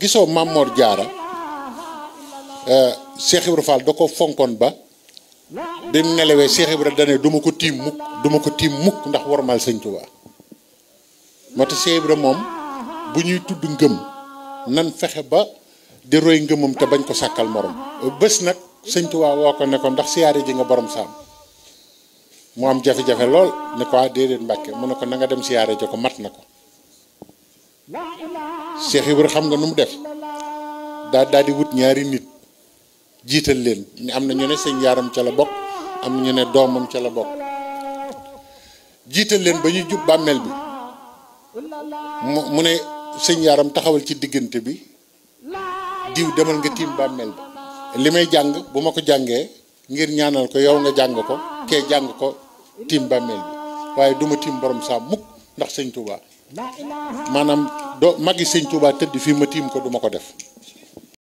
gisoo Mamor Diarra eh, Cheikh Ibra Fall da ko fonkoon ba bi mu nelawee Cheikh Ibra dane duma ko tiim mukk duma ko tiim mukk ndax warmal Sëñ Tuubaa mata Cheikh Ibra moom bu ñuy tudd nan fexe ba di roy ngëmam te bañ ko sàkkal morom bés nag Sëñ Tuubaa woo ko ne ko ndax siari ji nga borom saam mu am jafe-jafe lool ne ko ah, déedéet Mbàkke mu ne ko na nga dem siyaare ji ko mat nako. Cheikh Ibra xam nga nu mu def daa daal di wut ñaari nit jiital leen ñu am na ñu ne sëñ yaaram ca la bokk am na ñu ne doomam ca la bokk jiital leen ba ñu jub bàmmeel bi mu mu ne sëñ yaaram taxawal ci diggante bi diw demal nga tiim bàmmeel bi li may jàng bu ma ko jàngee ngir ñaanal ko yow nga jàng ko kee jàng ko tiim bàmmeel bi waaye duma tiim boroom saa mukk ndax sëñ Touba doo magi sëñ Tuubaa tëdd fii ma tiim ko duma ko def